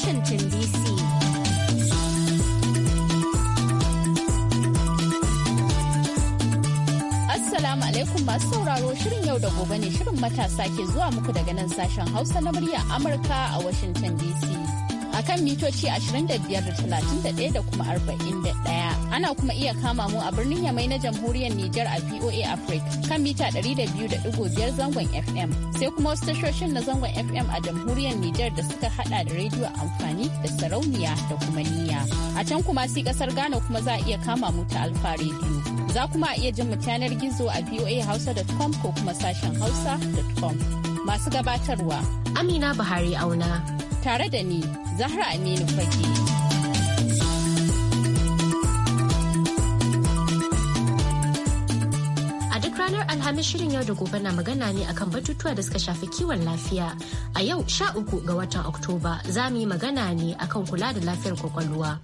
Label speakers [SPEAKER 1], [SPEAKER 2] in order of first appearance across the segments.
[SPEAKER 1] Washington DC.
[SPEAKER 2] Assalamu alaikum masu sauraro shirin yau da gobe ne shirin matasa ke zuwa muku daga nan sashen Hausa na murya Amurka a Washington DC. Akan mitoci 25 da 31 da kuma 41. Ana kuma iya kama mu a birnin Yamai na jamhuriyar Nijar a VOA Africa kan mita 200.5 zangon FM. Sai kuma wasu tashoshin na zangon FM a jamhuriyar Nijar da suka hada da rediyo amfani da sarauniya da kuma niyya. A can kuma sai kasar Ghana kuma za a iya kama mu ta Alfa Radio. Za kuma a iya jin mu yanar gizo a voahausa.com ko kuma sashen hausa.com. Masu gabatarwa. Amina Buhari Auna. Tare da ni,
[SPEAKER 1] Zahra Aminu Fage. alhamis shirin yau da gobe na magana ne akan batutuwa da suka shafi kiwon lafiya. A yau sha uku ga watan Oktoba za mu yi magana ne akan kula da lafiyar kwakwalwa.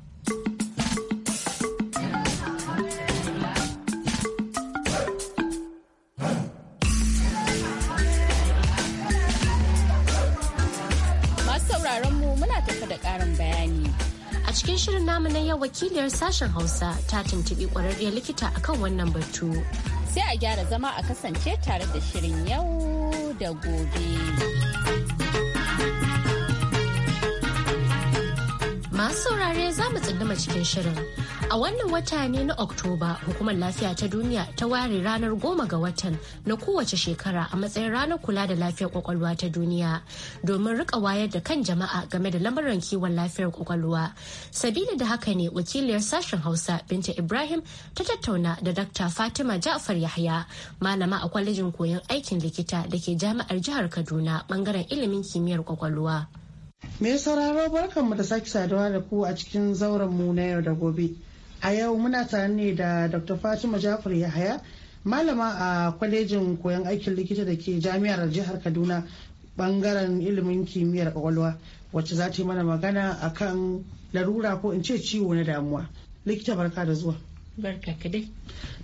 [SPEAKER 1] cikin shirin namu na yau wakiliyar sashen hausa ta tuntuɓi ƙwararriyar likita akan wannan batu. sai a gyara zama a kasance tare da shirin yau da gobe. Masu saurare za mu tsinduma cikin shirin. A wannan wata ne na Oktoba, Hukumar Lafiya ta Duniya ta ware ranar goma ga watan na kowace shekara a matsayin ranar kula da lafiyar kwakwalwa ta duniya domin rika wayar da kan jama'a game da lamuran kiwon lafiyar kwakwalwa. Sabili da haka ne wakiliyar sashen Hausa Binta Ibrahim ta tattauna da Dr. Fatima Ja'far Yahya, malama a kwalejin koyon aikin likita da ke jami'ar jihar Kaduna bangaren ilimin kimiyyar kwakwalwa.
[SPEAKER 3] Me sauraro mu da sake saduwa da ku a cikin zauren mu na yau da gobe. A yau muna tare ne da Dr. Fatima Jafar Yahaya, malama a kwalejin koyon aikin likita da ke jami'ar jihar Kaduna bangaren ilimin kimiyyar kwakwalwa wacce za ta yi mana magana akan larura ko in ce ciwo na damuwa. Likita barka da zuwa. barka ka dai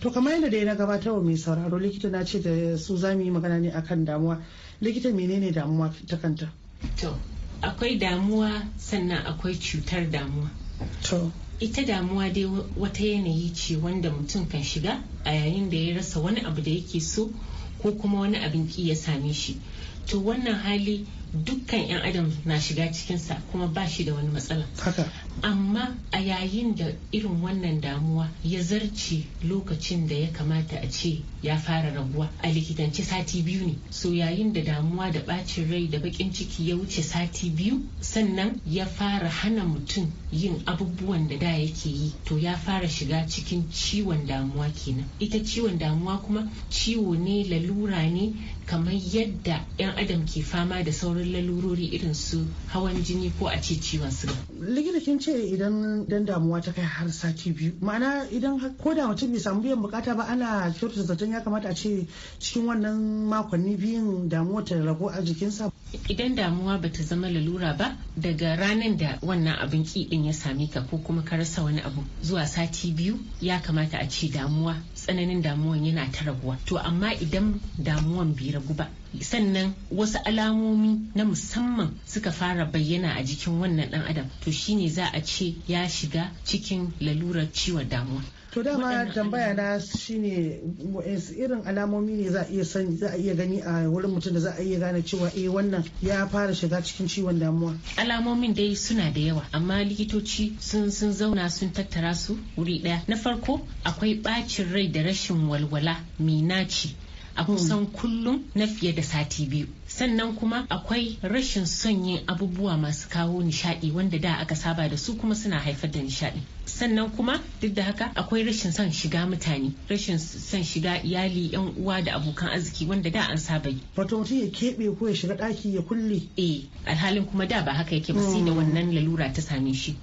[SPEAKER 3] to kamar yadda dai na gabatarwa mai sauraro likita na ce da su za mu yi magana ne akan damuwa likita menene damuwa ta kanta
[SPEAKER 4] akwai damuwa sannan akwai cutar damuwa ita damuwa dai wata yanayi ce wanda mutum kan shiga a yayin da ya rasa wani abu da yake so ko kuma wani abin ki ya same shi to wannan hali dukkan 'yan adam na shiga cikinsa kuma ba shi da wani matsala amma a yayin da irin wannan damuwa ya zarce lokacin da ya kamata a ce ya fara raguwa a likitance sati biyu ne so yayin da damuwa da bacin rai da bakin ciki ya wuce sati biyu sannan ya fara hana mutum yin abubuwan da da yake yi to ya fara shiga cikin ciwon damuwa kenan ita ciwon damuwa kuma ciwo ne lalura ne kamar yadda 'yan adam ke fama da sauran kamar lalurori irin su hawan jini ko a ce ciwon
[SPEAKER 3] suga. likita kin ce idan dan damuwa ta kai har sati biyu ma'ana idan ko da mutum bai samu biyan bukata ba ana kyautata zaton ya kamata a ce cikin wannan makonni biyun damuwa ta ragu a jikinsa
[SPEAKER 4] idan damuwa ba ta zama lalura ba daga ranar da wannan abin kiɗin ya same ka ko kuma ka rasa wani abu zuwa sati biyu ya kamata a ce damuwa tsananin damuwan yana ta raguwa to amma idan damuwan bai ragu ba sannan wasu alamomi na musamman suka fara bayyana a jikin wannan dan adam to shine za a ce ya shiga cikin lalurar ciwon damuwa
[SPEAKER 3] to dama tambaya na shine irin alamomi ne za a iya gani a wurin mutum da za a iya gane cewa eh wannan ya fara shiga cikin ciwon damuwa
[SPEAKER 4] alamomin dai suna da yawa amma likitoci sun sun zauna sun tattara su wuri daya na farko akwai bacin rai da rashin walwala minaci a kusan hmm. kullum na fiye da sati biyu sannan kuma akwai rashin son yin abubuwa masu kawo nishaɗi wanda da aka saba da su kuma suna haifar da nishaɗi sannan kuma duk da haka akwai rashin son shiga mutane rashin son shiga iyali yan uwa da abokan arziki wanda da an saba yi wato mutum ya keɓe ko ya shiga ɗaki ya kulle eh alhalin kuma da ba haka yake ba sai da hmm. wannan lalura ta same shi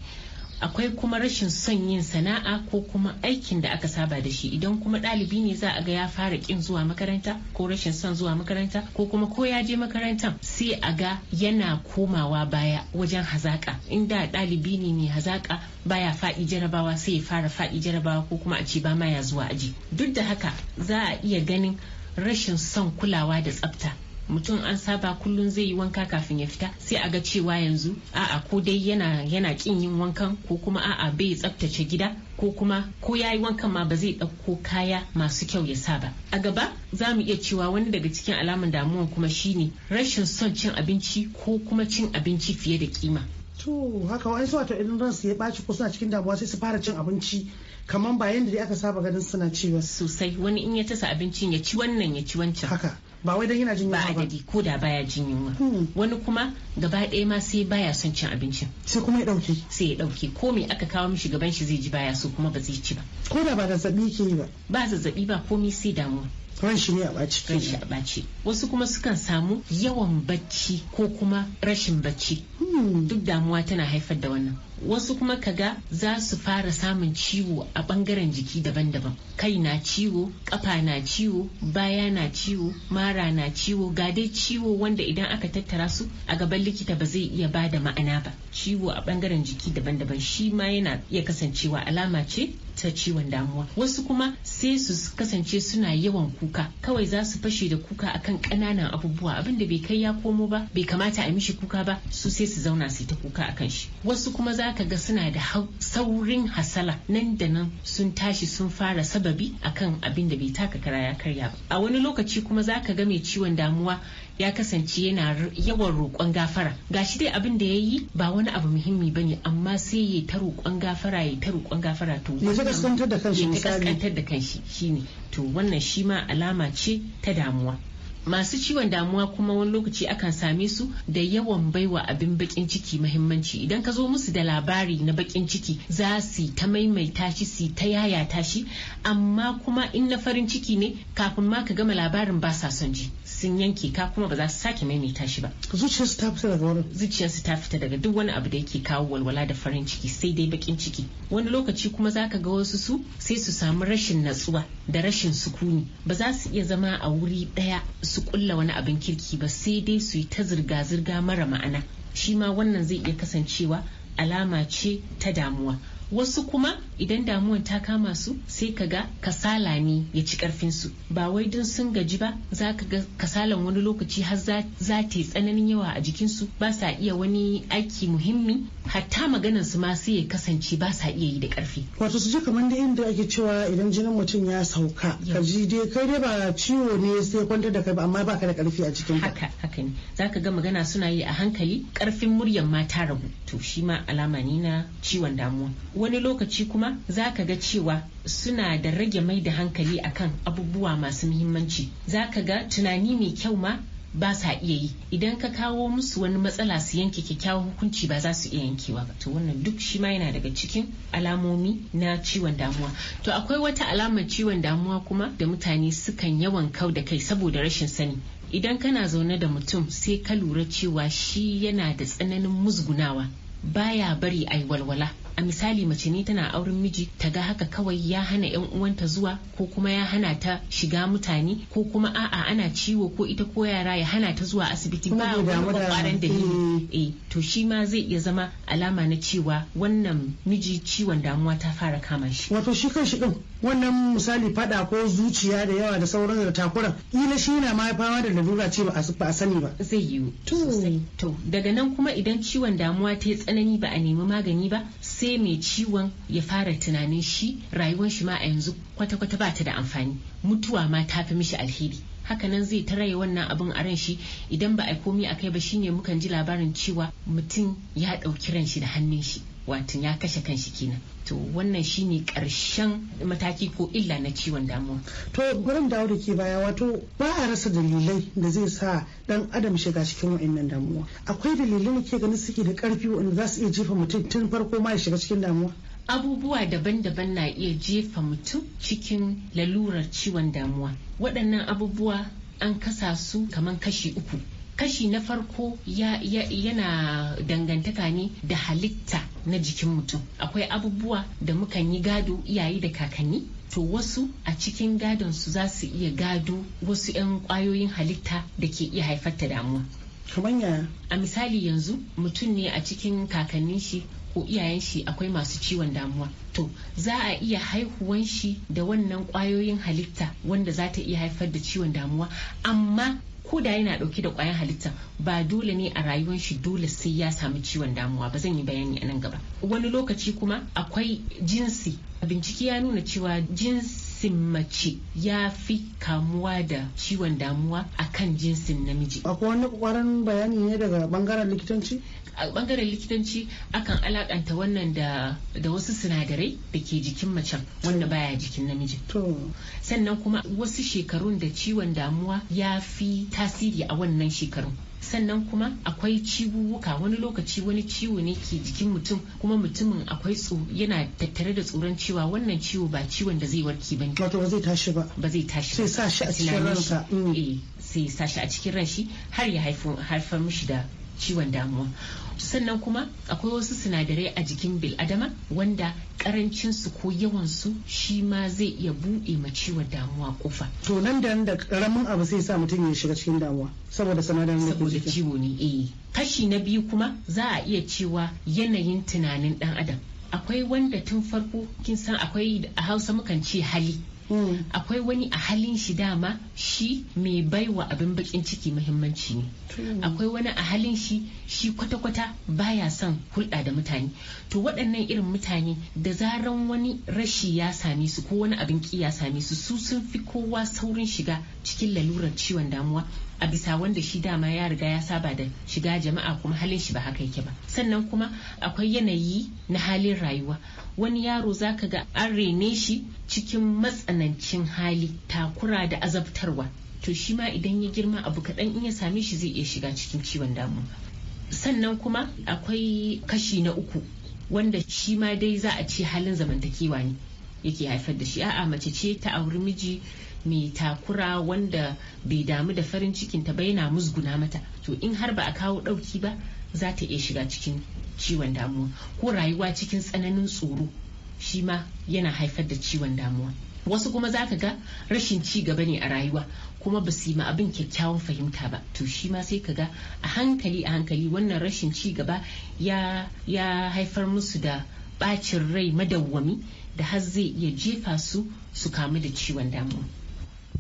[SPEAKER 4] akwai kuma rashin son yin sana'a ko kuma aikin da aka saba da shi idan kuma ɗalibi ne za a ga ya fara ƙin zuwa makaranta ko rashin son zuwa makaranta ko kuma ko ya je makaranta sai a ga yana komawa baya wajen hazaƙa inda ɗalibi ne mai hazaƙa baya faɗi jarabawa sai ya fara faɗi jarabawa ko kuma a ce ba ma ya zuwa aji duk da haka za a iya ganin rashin son kulawa da tsafta mutum an saba kullum zai yi wanka kafin ya fita sai a ga cewa yanzu a'a ko dai yana yana kin yin wankan ko kuma a'a bai tsaftace gida ko kuma ko ya yi wankan ma ba zai ɗauko kaya masu kyau ya sa ba a gaba za mu iya cewa wani daga cikin alamun damuwa kuma shine rashin son cin abinci ko kuma cin abinci fiye da kima
[SPEAKER 3] to haka wa'ansu wato idan su ya ɓaci ko suna cikin damuwa sai su fara cin abinci kamar ba yadda dai aka saba ganin suna ci ba sosai wani in ya tasa abincin ya ci wannan ya ci wancan haka ba wai dan yana jin yunwa
[SPEAKER 4] ba adadi ko da baya jin yunwa hmm. wani kuma gaba ɗaya ma sai baya son cin abinci. sai kuma ya dauke sai ya dauke ko me aka kawo mishi gaban shi zai ji baya so kuma ba zai ci ba
[SPEAKER 3] ko da ba zazzabi
[SPEAKER 4] ke ba ba zazzabi ba komai sai damuwa ran shi ne a ɓaci ran shi a ɓaci wasu kuma sukan samu yawan bacci ko kuma rashin bacci hmm. duk damuwa tana haifar da wannan wasu kuma kaga za su fara samun ciwo a bangaren jiki daban-daban kai na ciwo ƙafa na ciwo baya na ciwo mara na ciwo ga dai ciwo wanda idan aka tattara su a gaban likita ba zai iya ba da ma'ana ba ciwo a ɓangaren jiki daban-daban shi ma yana iya kasancewa alama ce ta ciwon damuwa wasu kuma sai su kasance suna yawan kuka kawai za su fashe da kuka akan ƙananan abubuwa abin da bai kai ya komo ba bai kamata a mishi kuka ba su sai su zauna su ta kuka akan shi wasu kuma za ka ga suna da saurin hasala nan da nan sun tashi sun fara sababi akan abin da bai taka kara ya karya ba a wani lokaci kuma za ka ga mai ciwon damuwa ya kasance yana yawan roƙon gafara Ga shi dai abin da ya yi ba wani abu muhimmi ba ne amma sai ya ta roƙon gafara ya ta roƙon gafara to ya ta kaskantar da kanshi ya shine to wannan shi ma alama ce ta damuwa masu ciwon damuwa kuma wani lokaci akan same su da yawan baiwa abin bakin ciki mahimmanci idan ka zo musu da labari na bakin ciki za su ta maimaita shi su ta yaya shi amma kuma in na farin ciki ne kafin ma ka gama labarin ba sa son ji sun yanke ka kuma ba za su sake maimaita shi ba zuciyarsu ta fita daga wurin zuciyarsu ta fita daga duk wani abu da yake kawo walwala da farin ciki sai dai bakin ciki wani lokaci kuma zaka ga wasu su sai su samu rashin natsuwa da rashin sukuni ba za su iya zama a wuri ɗaya su kulla wani abin kirki ba sai dai su yi ta zirga-zirga mara ma'ana shi ma wannan zai iya kasancewa alama ce ta damuwa wasu kuma idan damuwar ta kama su sai ka ga kasala ne ya ci karfinsu ba wai don sun gaji ba za ka ga kasalan wani lokaci har za ta yi tsananin yawa a jikinsu su ba sa iya wani aiki muhimmi hatta maganan su ma sai ya kasance ba sa iya yi da karfi
[SPEAKER 3] wato su ji kamar da inda ake cewa idan jinin mutum ya sauka ka ji dai kai dai ba ciwo ne sai kwantar da kai ba amma baka da karfi a cikin haka haka ne
[SPEAKER 4] zaka ga magana suna yi a hankali karfin muryan ma ta ragu to shi ma alama ne na ciwon damuwa wani lokaci kuma zaka ga cewa suna da rage mai da hankali akan abubuwa masu muhimmanci zaka ga tunani mai kyau ma ba sa iya yi idan ka kawo musu wani matsala su yanke kyakkyawan hukunci ba za su iya yankewa ba to wannan duk shi ma yana daga cikin alamomi na ciwon damuwa to akwai wata alamar ciwon damuwa kuma da mutane sukan yawan kau da kai saboda rashin sani idan kana zaune da mutum sai ka lura cewa shi yana da tsananin musgunawa baya bari yi walwala a misali mace ne tana auren miji ta ga haka kawai ya hana yan uwanta zuwa ko kuma ya hana ta shiga mutane ko kuma a'a ana ciwo ko ita ko yara ya hana ta zuwa asibiti ba wani kwakwaran dalili eh. eh to shi ma zai iya zama alama na cewa wannan miji ciwon damuwa ta fara kama shi wato shi kan shi din wannan
[SPEAKER 3] misali fada ko zuciya da yawa da sauran da takuran kila shi na ma fama da lalura ce ba a sani ba zai yiwu to
[SPEAKER 4] daga nan kuma idan ciwon damuwa ta yi tsanani ba a nemi magani ba sai mai ciwon ya fara tunanin shi rayuwar shi ma a yanzu kwata-kwata ba ta da amfani mutuwa ma ta fi mishi alheri hakanan zai ta raye wannan abin a ran shi idan ba a komi a kai ba shine mukan ji labarin cewa mutum ya ɗauki ran shi da hannun shi watan ya kashe kan shi kenan to wannan shine karshen mataki ko illa na
[SPEAKER 3] ciwon damuwa to gurin dawo da ke baya wato ba a rasa dalilai da zai sa dan adam shiga cikin wa'annan damuwa akwai dalilai ne ke ganin suke da karfi wanda za su iya jefa mutum tun farko ma ya shiga cikin damuwa
[SPEAKER 4] abubuwa daban-daban na iya jefa mutum cikin lalurar ciwon damuwa waɗannan abubuwa an kasa su kaman kashi uku kashi na farko yana dangantaka ne da halitta na jikin mutum akwai abubuwa da mukan yi gado iyaye da kakanni to wasu a cikin gadon su za su iya gado wasu 'yan kwayoyin halitta da ke iya haifar da damuwa a misali yanzu mutum ne a cikin kakannin shi ko iyayen shi akwai masu ciwon damuwa to za a iya haihuwan shi da wannan kwayoyin halitta wanda za ta iya haifar da ciwon damuwa amma ko da yana dauke da kwayan halitta ba dole ne a rayuwar shi dole sai ya samu ciwon damuwa ba zan yi bayani a nan gaba wani lokaci kuma akwai jinsi bincike ya nuna cewa jinsin mace ya fi kamuwa da ciwon damuwa akan jinsin namiji akwai wani kwaran bayani ne daga bangaren likitanci a bangaren likitanci akan alakanta wannan da wasu sinadarai da ke jikin macen wanda baya jikin namiji sannan kuma wasu shekarun da ciwon damuwa ya fi tasiri a wannan shekaru sannan kuma akwai ciwuwuka wani lokaci wani ciwo ne ke jikin mutum kuma mutumin akwai tso yana tattare da tsoron cewa wannan ciwo ba ciwon da zai warke ba wato ba zai tashi ba ba zai tashi sai sa shi a cikin ranka mm. eh, sai sa shi a cikin ran har ya haifar mishi da ciwon damuwa sannan kuma akwai wasu sinadarai a jikin biladama wanda karancin su ko yawan su shi ma zai iya buɗe ma ciwon damuwa kofa
[SPEAKER 3] to nan da da karamin abu sai sa mutum ya shiga cikin damuwa saboda sinadarin da ke ciwo ne eh
[SPEAKER 4] kashi na biyu kuma za a iya cewa yanayin tunanin dan adam akwai wanda tun farko kin san akwai a hausa mukan ce hali hmm. akwai wani a halin shi dama shi mai baiwa abin bakin ciki muhimmanci ne hmm. akwai wani a halin shi shi kwata-kwata baya son hulɗa da mutane to waɗannan irin mutane da zaran wani rashi ya same su ko wani abin ki ya same su su sun fi kowa saurin shiga cikin lalurar ciwon damuwa a bisa wanda shi dama ya riga ya saba da shiga jama'a kuma halin shi ba haka yake ba sannan kuma akwai yanayi na halin rayuwa wani yaro zaka ga an rene shi cikin matsanancin hali takura da azabtarwa to shi ma idan ya girma abu kaɗan in ya same shi zai iya shiga cikin ciwon damuwa sannan kuma akwai kashi na uku wanda shi ma dai za a ce halin zamantakewa ne yake haifar da shi a'a mace ce ta auri miji mai takura wanda bai damu da farin cikin ta ba yana musguna mata to in har ba a kawo ɗauki ba za ta iya shiga cikin ciwon damuwa ko rayuwa cikin tsananin tsoro shi ma yana haifar da ciwon damuwa wasu kuma za ka ga rashin ci gaba ne a rayuwa kuma ba su yi ma abin kyakkyawan fahimta ba to shi ma sai ka ga a hankali a hankali wannan rashin ci gaba ya ya haifar musu da bacin rai madawwami da har zai iya jefa su su
[SPEAKER 3] kamu da ciwon damuwa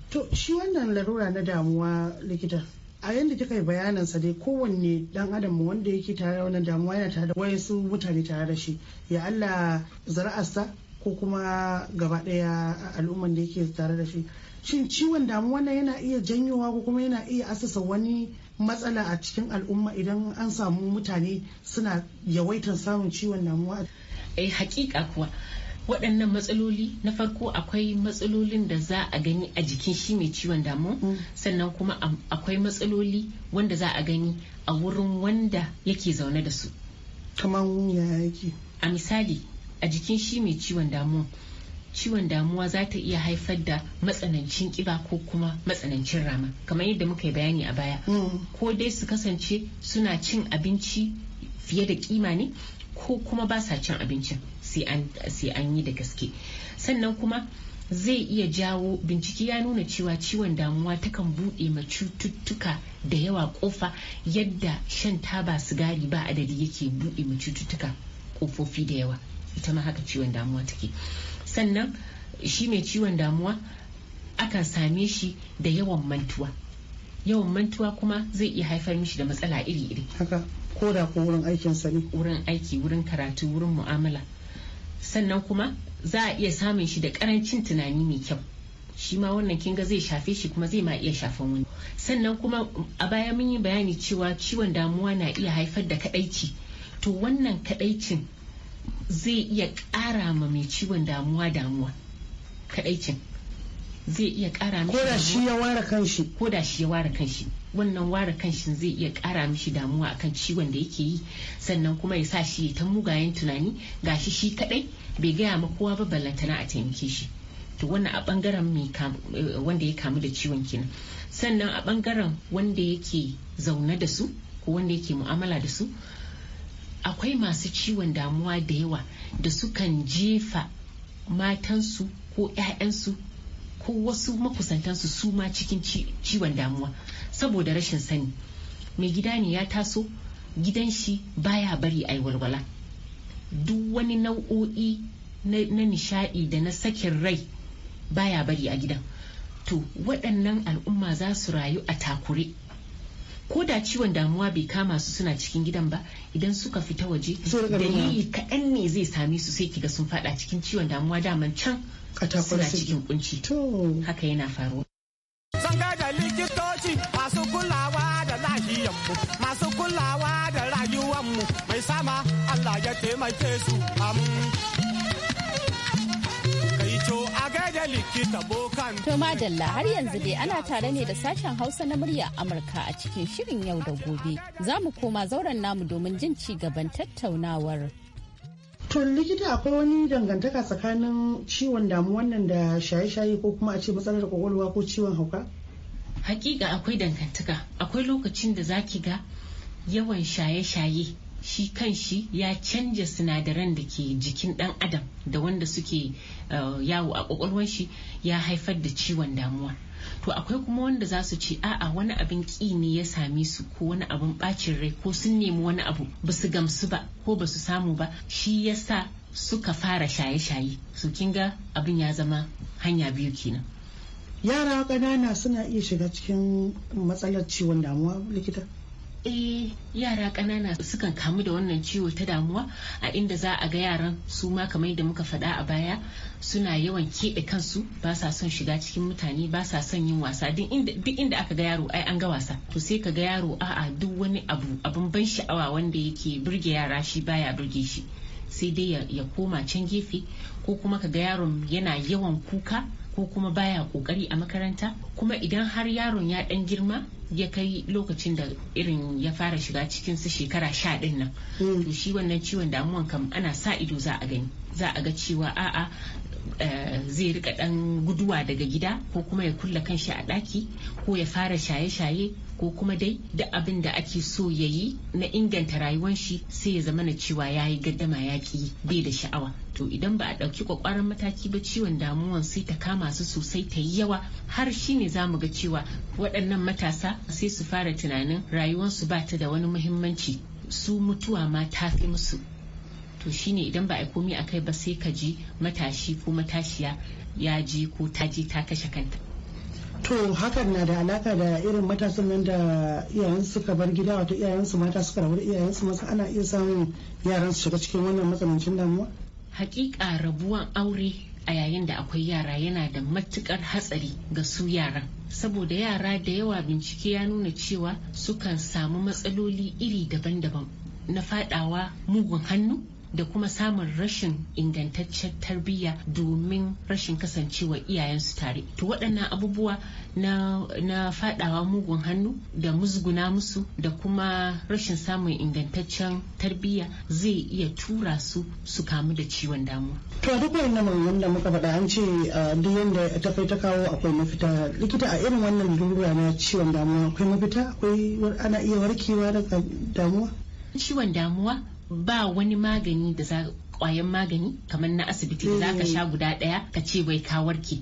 [SPEAKER 3] to shi wannan larura na damuwa likita a yadda kika yi bayanin sa dai kowanne dan adam wanda yake tare da wannan damuwa yana tare da wayansu mutane tare da shi ya Allah zara'arsa ko kuma gaba daya al'umman da yake tare da shi shin ciwon damuwa nan yana iya janyowa ko kuma yana iya asasa wani matsala a cikin al'umma idan an samu mutane suna yawaitar samun ciwon damuwa eh hakika kuwa waɗannan matsaloli na farko akwai
[SPEAKER 4] matsalolin da za a gani a jikin shi mai ciwon damu mm. sannan kuma akwai matsaloli wanda za a gani a wurin wanda yake zaune da su kamar ya yake a misali a jikin shi mai ciwon damuwa ciwon damuwa za ta iya haifar da matsanancin kiba ko kuma matsanancin rama kamar yadda muka yi bayani a baya mm. ko dai su kasance suna cin abinci fiye da kima ne ko kuma ba sa cin abincin sai an yi da gaske sannan kuma zai iya jawo bincike ya nuna cewa ciwon damuwa takan buɗe ma cututtuka da yawa kofa yadda shan taba sigari ba adadi yake buɗe ma cututtuka kofofi da yawa ita ma haka ciwon damuwa take sannan shi mai ciwon damuwa aka same shi da yawan mantuwa yawan mantuwa kuma zai iya haifar mishi da matsala iri-iri haka ko da ko wurin aikin sani. wurin aiki wurin karatu wurin mu'amala sannan kuma za a iya samun shi da karancin tunani mai kyau shi ma wannan kinga zai shafe shi kuma zai ma iya shafan wani sannan kuma a baya mun yi bayani cewa ciwon damuwa na iya haifar da kadaici to wannan kadaicin zai iya ƙara ma mai ciwon damuwa damuwa kadaicin zai iya ƙara mai ko da shi ya ware kanshi ko da shi ya ware kanshi wannan ware kanshin zai iya kara mishi damuwa akan ciwon da yake yi sannan kuma ya sa shi ta mugayen tunani ga shi shi kadai bai gaya ma kowa ba ballantana a taimake shi to wannan a bangaren eh, wanda ya kamu da ciwon kenan sannan a bangaren wanda yake zaune da su ko wanda yake mu'amala da su akwai masu ciwon damuwa da yawa da sukan jefa matansu ko 'ya'yansu ko wasu makusantansu su ma cikin ciwon damuwa saboda rashin sani mai gida ne ya taso gidan shi baya bari yi walwala duk wani nau'o'i na nishadi da na sakin rai baya bari a gidan to waɗannan al'umma za su rayu a takure ko da ciwon damuwa bai kama su suna cikin gidan ba idan suka fita waje dalili kaɗan ne zai same su sai kiga sun faɗa cikin ciwon damuwa daman can suna cikin kunci haka yana faruwa
[SPEAKER 5] dama Allah ya taimake su
[SPEAKER 2] To madalla har yanzu dai ana tare ne da sashen Hausa na murya Amurka a cikin shirin yau da gobe. Za mu koma zauren namu domin jin ci gaban tattaunawar.
[SPEAKER 3] To likita akwai wani dangantaka tsakanin ciwon damuwan nan da shaye-shaye ko kuma a ce matsalar kwakwalwa ko ciwon hauka?
[SPEAKER 4] Hakika akwai dangantaka. Akwai lokacin da zaki ga yawan shaye-shaye shi kan shi ya canja sinadaran da ke jikin dan adam da wanda suke uh, yawo a kwakwalwar shi ya haifar da ciwon damuwa to akwai kuma wanda za su ce a'a wani abin ƙi ne ya sami su ko wani abin bacin rai ko sun nemi wani abu ba su gamsu ba ko ba su samu ba shi ya sa suka fara shaye-shaye su ga abin ya zama hanya
[SPEAKER 3] biyu kenan yara ƙanana suna iya shiga cikin matsalar ciwon damuwa likita eh
[SPEAKER 4] yara ƙanana sukan kamu da wannan ciwo ta damuwa a inda za a ga yaran su ma kamar yadda muka faɗa a baya suna yawan keɓe kansu ba sa son shiga cikin mutane ba sa son yin wasa duk inda aka ga yaro ai an ga wasa to sai ka ga yaro a'a duk wani abu abin ban sha'awa wanda yake burge yara shi baya burge shi sai dai ya koma can gefe ko kuma ka ga yaron yana yawan kuka ko kuma baya kokari a makaranta kuma idan har yaron ya dan girma ya kai lokacin da irin ya fara shiga cikin su shekara sha din nan hmm. to shi wannan ciwon damuwan kam ana sa ido za a gani za a ga cewa a'a Eh, zai rika dan guduwa daga gida ko kuma ya kulla kanshi a ɗaki ko ya fara shaye-shaye ko kuma dai da abin da ake so ya yi na inganta rayuwar shi sai ya zama na cewa ya yi gaddama yaƙi bai da sha'awa to idan ba a ɗauki kwakwaran mataki ba ciwon damuwan sai ta kama su sosai ta yi yawa har shi ne za mu ga cewa waɗannan matasa sai su fara tunanin rayuwarsu ba ta da wani muhimmanci su mutuwa ma ta fi musu to shine idan ba a komi a kai ba sai ka ji matashi ko matashiya ya ji ko ta ji ta kashe kanta
[SPEAKER 3] to hakan na da alaka da irin matasan nan da iyayen suka bar gida wato iyayen su mata suka rabu da iyayen su masu ana iya samun yaran su shiga cikin wannan matsanancin damuwa
[SPEAKER 4] hakika rabuwan aure a yayin da akwai yara yana da matukar hatsari ga su yaran saboda yara da yawa bincike ya nuna cewa sukan samu matsaloli iri daban-daban na fadawa mugun hannu da kuma samun rashin ingantaccen tarbiyya domin rashin kasancewa iyayensu tare to waɗannan abubuwa na, faɗawa fadawa mugun hannu da musguna musu da kuma rashin samun ingantaccen tarbiyya zai iya tura
[SPEAKER 3] su su kamu da ciwon damuwa to duk wannan maganganun da muka faɗa an ce duk yadda ta fai ta kawo akwai mafita likita a irin wannan lura na ciwon damuwa akwai mafita akwai ana iya warkewa daga damuwa
[SPEAKER 4] ciwon damuwa ba wani magani da za kwayan magani kamar na asibiti da za ka mm. sha guda daya ka ce bai kawar ki.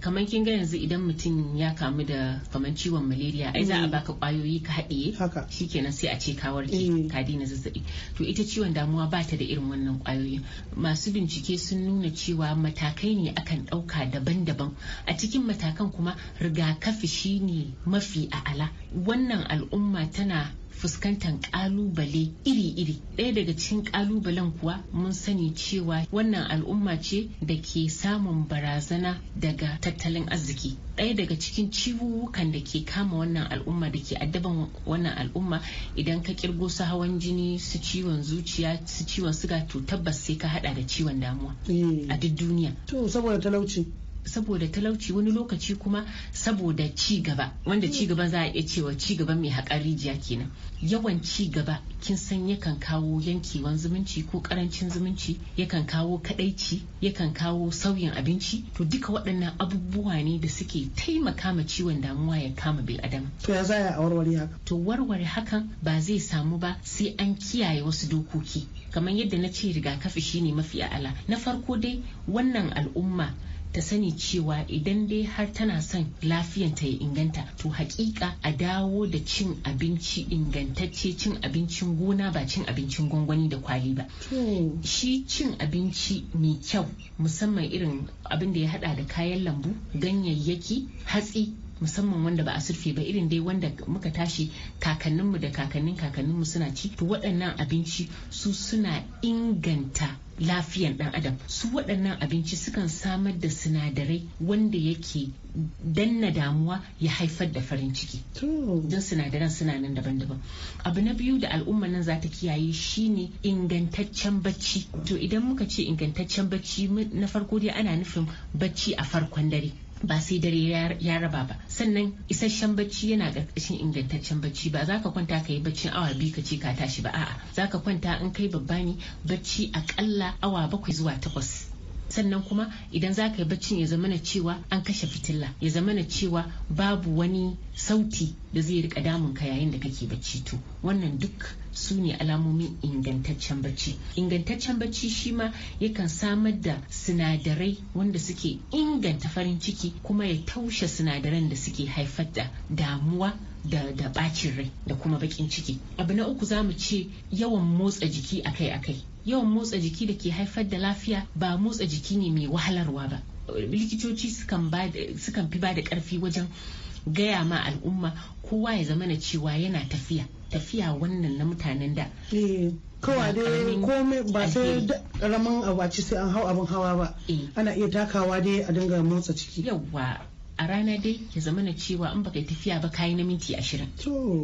[SPEAKER 4] kamar kin ga yanzu idan mutum ya kamu da kamar ciwon malaria ai za a mm. baka kwayoyi ka haɗiye shikenan sai a ce kawar ki. Mm. ka daina zazzabi to ita ciwon damuwa ba ta da irin wannan kwayoyi masu bincike sun nuna cewa matakai ne akan ɗauka daban-daban a cikin matakan kuma rigakafi shine mafi a'ala wannan al'umma tana fuskantar kalubale iri-iri ɗaya daga cikin kalubalen kuwa mun sani cewa wannan al'umma ce da ke samun barazana daga tattalin arziki ɗaya daga cikin ciwuwukan da ke kama wannan al'umma da ke addaban wannan al'umma idan ka kirgo su hawan jini su ciwon zuciya su ciwon suga to tabbas sai ka hada da ciwon damuwa eh. a duk duniya to saboda talauci saboda talauci wani lokaci kuma saboda ci gaba wanda mm. ci gaba za a iya cewa ci gaba mai haƙar rijiya kenan yawan ci gaba kin san yakan kawo yankewan zumunci ko karancin zumunci yakan kawo kadaici yakan kawo sauyin abinci to duka waɗannan abubuwa ne da suke taimaka ma ciwon damuwa ya kama bil adam
[SPEAKER 3] to ya zaya a warware
[SPEAKER 4] haka to warware hakan ba zai samu ba sai an kiyaye wasu dokoki kamar yadda na ce rigakafi shine mafi a'ala na farko dai wannan al'umma ta sani cewa idan dai har tana son lafiyanta ya inganta to hakika a dawo da cin abinci ingantacce cin abincin gona ba cin abincin gwangwani da kwali ba shi cin abinci mai kyau musamman irin abin da ya hada da kayan lambu ganyayyaki hatsi musamman wanda ba a surfe ba irin dai wanda muka tashi kakanninmu da kakannin kakanninmu suna ci to waɗannan abinci su suna inganta lafiyan ɗan adam su waɗannan abinci sukan samar da sinadarai wanda yake danna damuwa ya haifar da farin ciki don sinadaran suna nan daban-daban abu na biyu da al'umma nan za ta kiyaye shine ingantaccen bacci to idan muka ce ingantaccen bacci na farko dai ana nufin bacci a farkon dare ba sai dare ya raba ba sannan isasshen bacci yana ƙarƙashin ingantaccen bacci ba za ka kwanta ka yi baccin awa biyu ka ce ka tashi ba a'a za ka kwanta in kai babba ne bacci aƙalla awa bakwai zuwa takwas sannan kuma idan za ka yi baccin ya zamana cewa an kashe fitila ya zamana cewa babu wani sauti da zai rika damun ka yayin da kake bacci to wannan duk su ne alamomin ingantaccen bacci ingantaccen bacci shi ma yakan samar da sinadarai wanda suke inganta farin ciki kuma ya taushe sinadaran da suke haifar da damuwa da da bacin rai da kuma bakin ciki abu na uku za mu ce yawan motsa jiki akai-akai yawan motsa jiki da ke haifar da lafiya ba motsa jiki ne mai wahalarwa ba likitoci sukan fi ba da karfi wajen gaya ma al'umma kowa ya zama na cewa yana tafiya tafiya wannan na mutanen da
[SPEAKER 3] eh, kawai dai komai ba sai karamin abaci sai an hau abin hawa ba eh. ana iya takawa dai a dinga motsa ciki yawwa
[SPEAKER 4] a rana dai ya zama na cewa in baka tafiya ba kayi na minti ashirin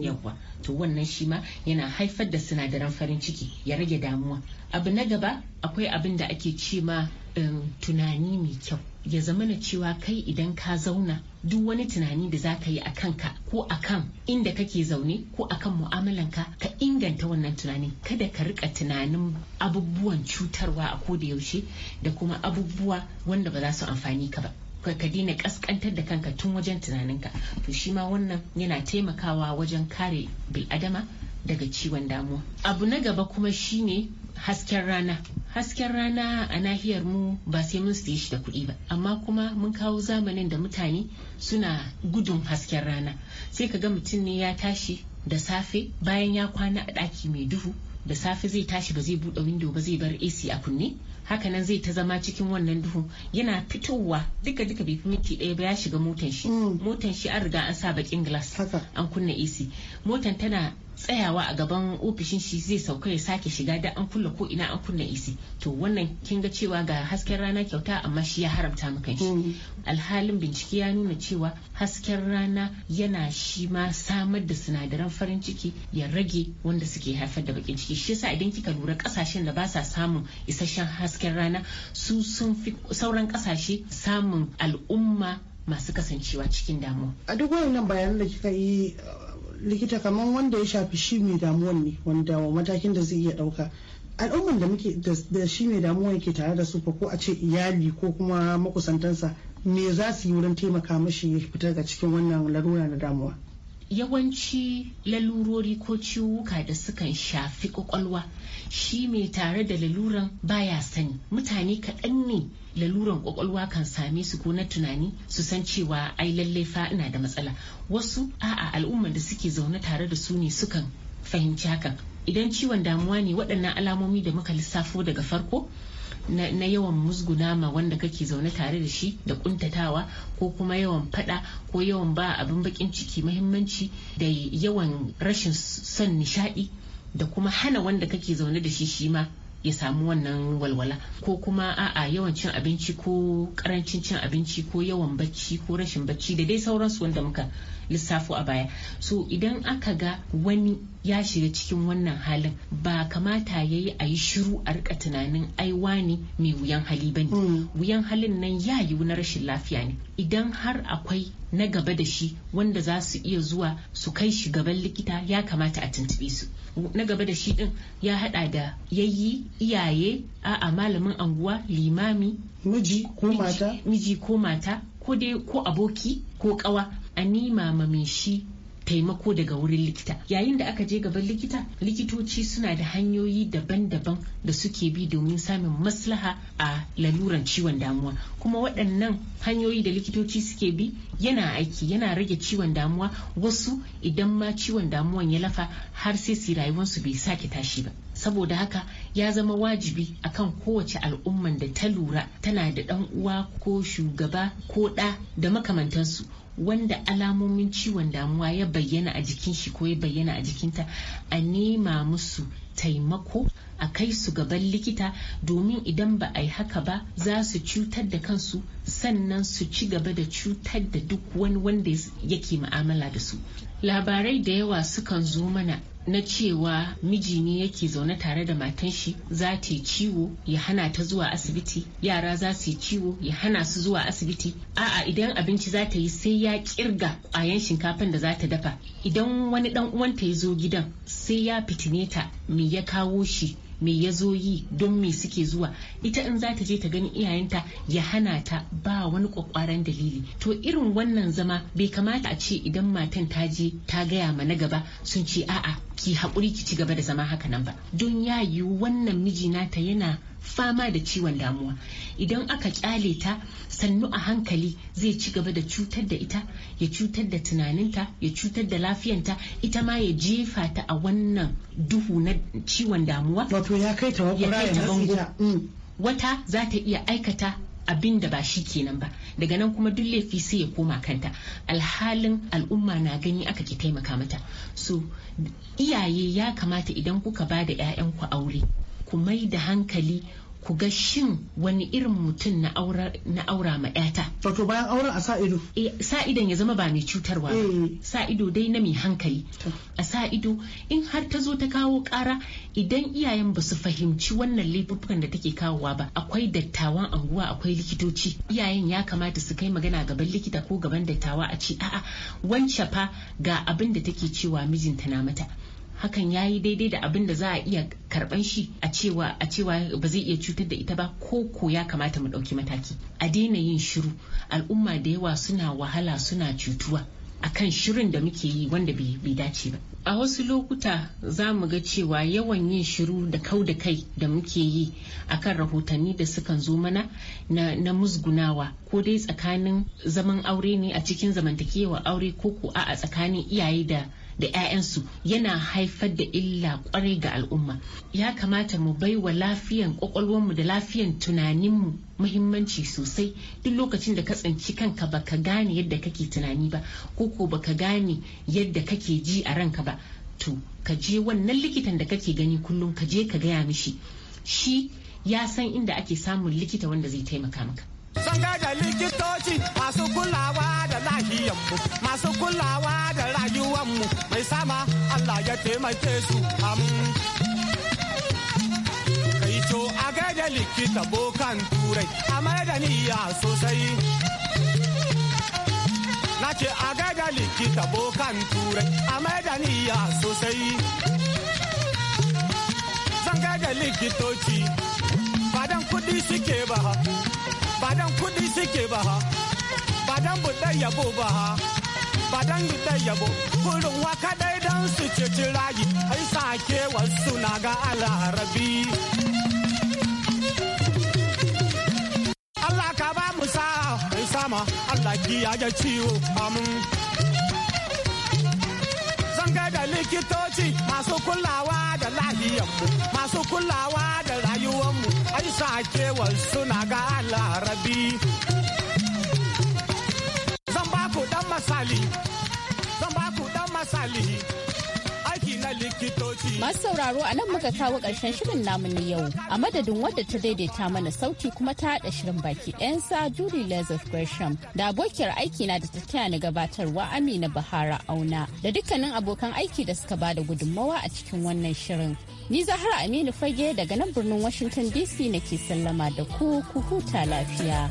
[SPEAKER 4] yawwa to wannan shi ma yana haifar da sinadaran farin ciki ya rage damuwa abu na gaba akwai abin da ake ce ma um, tunani mai kyau ya zama na cewa kai idan ka zauna duk wani tunani da za ka yi a kanka ko a kan inda kake zaune ko a kan mu'amalanka ka inganta wannan tunanin kada ka rika tunanin abubuwan cutarwa a koda yaushe da kuma abubuwa wanda ba za su amfani ka ba ka daina kaskantar da kanka tun wajen tunaninka to shi ma wannan yana taimakawa wajen kare bil'adama daga ciwon damuwa abu na gaba kuma shine hasken rana hasken rana a nahiyar mu ba sai mun siye shi da kuɗi ba amma kuma mun kawo zamanin da mutane suna gudun hasken rana sai ka ga mutum ne ya tashi da safe bayan ya kwana a ɗaki mai duhu da safe zai tashi ba zai buɗe windo ba zai bar ac a kunne hakanan zai ta zama cikin wannan duhu yana fitowa duka duka bai fi minti ɗaya ba ya shiga motan shi mm. motan shi an riga an sa bakin glass an kunna AC motan tana tsayawa a gaban ofishin shi zai sauka ya sake shiga da an kulle ko ina an kunna isi to wannan kin ga cewa ga hasken rana kyauta amma shi ya haramta maka shi mm. alhalin bincike ya nuna cewa hasken rana yana shi ma samar da sinadaran farin ciki ya rage wanda suke haifar da bakin ciki shi yasa idan kika lura kasashen da ba sa samun isasshen hasken rana su sun fi sauran kasashe samun al'umma
[SPEAKER 3] masu kasancewa cikin damuwa a duk wannan bayanan da kika yi likita kamar wanda ya shafi shi mai damuwan ne wanda matakin da zai iya dauka al'umman da da shi mai damuwa yake tare da su ko a ce iyali ko kuma makusantansa me za su yi wurin taimaka mashi ya fita daga cikin wannan larura na damuwa yawanci
[SPEAKER 4] lalurori ko ciwuka da sukan shafi kwakwalwa shi mai tare da laluran baya sani mutane kaɗan ne laluran kwakwalwa kan same su ko na tunani su san cewa ai lallai fa ina da matsala wasu a'a al'ummar da suke zaune tare da su ne sukan fahimci hakan idan ciwon damuwa ne waɗannan alamomi da muka lissafo daga farko na yawan musgu wanda kake zaune tare da shi da kuntatawa ko kuma yawan fada ko yawan ba abin bakin ciki mahimmanci da yawan rashin son nishadi da kuma hana wanda kake zaune da shi shi ma ya samu wannan walwala ko kuma a'a yawan cin abinci ko karancin cin abinci ko yawan bacci ko rashin bacci da dai sauransu wanda muka lissafo a baya so idan aka ga wani ya shiga cikin wannan halin ba kamata ya yi a yi shiru a rika tunanin aiwa ne mai wuyan hali ba ne mm. wuyan halin nan ya yiwu na rashin lafiya ne idan har akwai na gaba da shi wanda za su iya zuwa su kai shi gaban likita ya kamata a tuntuɓe su na gaba da shi din ya hada da yayi iyaye a'a malamin anguwa limami miji ko mata miji ko mata ko dai ko aboki ko kawa a nima taimako daga wurin likita yayin da aka je gaban likita likitoci suna da hanyoyi daban-daban da suke bi domin samun maslaha a laluran ciwon damuwa kuma waɗannan hanyoyi da likitoci suke bi yana aiki yana rage ciwon damuwa wasu idan ma ciwon damuwan ya lafa har sai su rayuwarsu bai sake tashi ba saboda haka ya zama wajibi akan kowace al'umman da ta lura tana da ɗan uwa ko shugaba ko ɗa da makamantansu wanda alamomin ciwon damuwa ya bayyana a jikin shi ko ya bayyana a jikinta a nema musu taimako a kai su gaban likita domin idan ba a yi haka ba za su cutar da kansu sannan su ci gaba da cutar da duk wani wanda yake ma'amala da su labarai da yawa sukan zo mana na cewa miji ne yake zaune tare da matan shi za ta yi ciwo ya hana ta zuwa asibiti yara za su yi ciwo ya hana su zuwa asibiti a'a idan abinci za ta yi sai ya kirga kwayan shinkafan da za ta dafa idan wani dan uwanta ya zo gidan sai ya fitine ta me ya kawo shi me ya zo yi don me suke zuwa ita in za ta je ta gani iyayenta ya hana ta ba wani kwakwaran dalili to irin wannan zama bai kamata a ce idan matan ta je ta gaya ma na gaba sun ce a'a ki haƙuri ki ci gaba da zama haka nan ba don ya yiwu wannan miji nata yana fama da ciwon damuwa idan aka kyale ta sannu a hankali zai ci gaba da cutar da ita ya cutar da tunaninta ya cutar da lafiyanta ita ma ya jefa ta a wannan duhu na ciwon damuwa wato ya kai ta mm. wata za ta iya aikata abin da ba shi kenan ba daga nan kuma duk laifi sai ya koma kanta alhalin al'umma na gani aka ki taimaka mata so iyaye ya kamata idan kuka ba da 'ya'yanku aure ku mai da hankali ku ga shin wani irin mutum na aura ma yata wato bayan auren a sa ido eh, idon ya zama ba mai cutarwa Sa'ido eh. sa ido dai na mai hankali a sa ido in har ta zo ta kawo kara idan iyayen ba su fahimci wannan laifukan da take kawowa ba akwai dattawan anguwa akwai likitoci iyayen ya kamata su kai magana gaban likita ko gaban dattawa a ce a'a wance fa ga abin da take cewa mijinta na mata hakan ya yi daidai da abin da za a iya karban shi a cewa a cewa ba zai iya cutar da ita ba ko ko ya kamata mu ɗauki mataki a daina yin shiru al'umma da yawa suna wahala suna cutuwa a kan shirin da muke yi wanda bai dace ba a wasu lokuta za mu ga cewa yawan yin shiru da kau da kai da muke yi a kan rahotanni da sukan zo mana na, musgunawa ko dai tsakanin zaman aure ne a cikin zamantakewa aure ko ko a tsakanin iyaye da da 'ya'yansu yana haifar da illa kwarai ga al'umma ya kamata mu bai wa lafiyan kwakwalwarmu da lafiyan tunaninmu muhimmanci sosai duk lokacin da ka tsinci kanka baka gane yadda kake tunani ba ko ko baka gane yadda kake ji a ranka ba to ka je wannan likitan da kake gani kullum ka je ka gaya mishi shi ya san inda ake samun likita wanda zai taimaka maka
[SPEAKER 5] Sun da likitoci masu kulawa da lahiyanmu, masu kulawa da rayuwanmu mai sama Allah ya taimake su Kai to a gaida likita bokan turai, a da niyya sosai. na ce a gaida likita bokan turai a maidaniya sosai zan da likitoci badan kudi suke ba ba dan kuɗi suke ba ha ba dan yabo ba ha ba dan buɗar yabo kurin waka dai dan su ceci rayi ai sake wasu na ga alarabi Allah ka ba mu sa sama Allah kiya ya ciwo amin zan ga da likitoci masu kulawa da lahiyanmu masu kulawa da rayuwanmu ai sakewar suna ga larabi zan ba ku dan masali zan ba ku dan masali Masu
[SPEAKER 2] sauraro a nan muka kawo ƙarshen shirin namu na yau. A madadin wadda ta daidaita mana sauti kuma ta haɗa shirin baki ɗayan sa Judy Lazarus Gresham da abokiyar aiki na da tattaya na gabatarwa Amina Bahara Auna da dukkanin abokan aiki da suka bada gudunmawa a cikin wannan shirin. Ni Zahra Aminu Fage daga nan birnin Washington DC nake sallama da ku ku huta lafiya.